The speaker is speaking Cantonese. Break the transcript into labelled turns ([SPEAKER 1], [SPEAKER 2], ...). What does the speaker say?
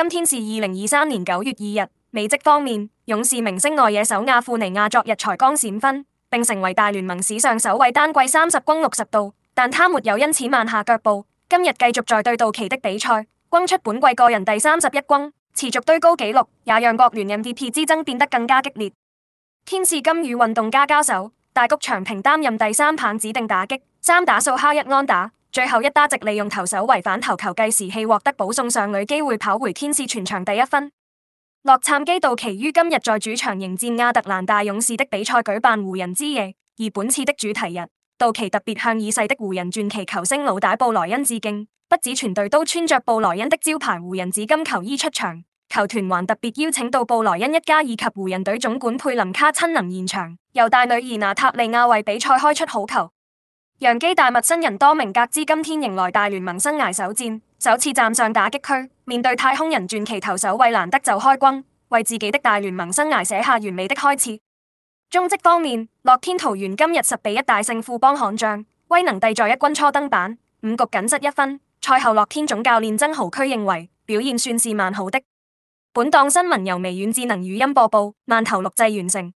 [SPEAKER 1] 今天是二零二三年九月二日。美職方面，勇士明星外野手亞庫尼亞昨日才剛閃婚，並成為大聯盟史上首位單季三十轟六十盜。但他沒有因此慢下腳步，今日繼續在對道奇的比賽轟出本季個人第三十一轟，持續堆高紀錄，也讓國聯 MVP 之爭變得更加激烈。天使今與運動家交手，大谷長平擔任第三棒指定打擊，三打數敲一安打。最後一打直利用投手違反投球計時器，獲得保送上壘機會，跑回天使。全場第一分。洛杉磯道奇於今日在主場迎戰亞特蘭大勇士的比賽舉辦湖人之夜，而本次的主題日，道奇特別向已逝的湖人傳奇球星老大布萊恩致敬。不止全隊都穿着布萊恩的招牌湖人紫金球衣出場，球團還特別邀請到布萊恩一家以及湖人隊總管佩林卡親臨現場，由大女兒娜塔莉亞為比賽開出好球。洋基大物新人多明格茲今天迎來大聯盟生涯首戰，首次站上打擊區，面對太空人傳奇投手衛蘭德就開轟，為自己的大聯盟生涯寫下完美的開始。中職方面，樂天桃猿今日十比一大勝富邦悍將，威能帝在一軍初登板，五局僅失一分。賽後樂天總教練曾豪駒認為表現算是蠻好的。本檔新聞由微軟智能語音播報，慢投錄製完成。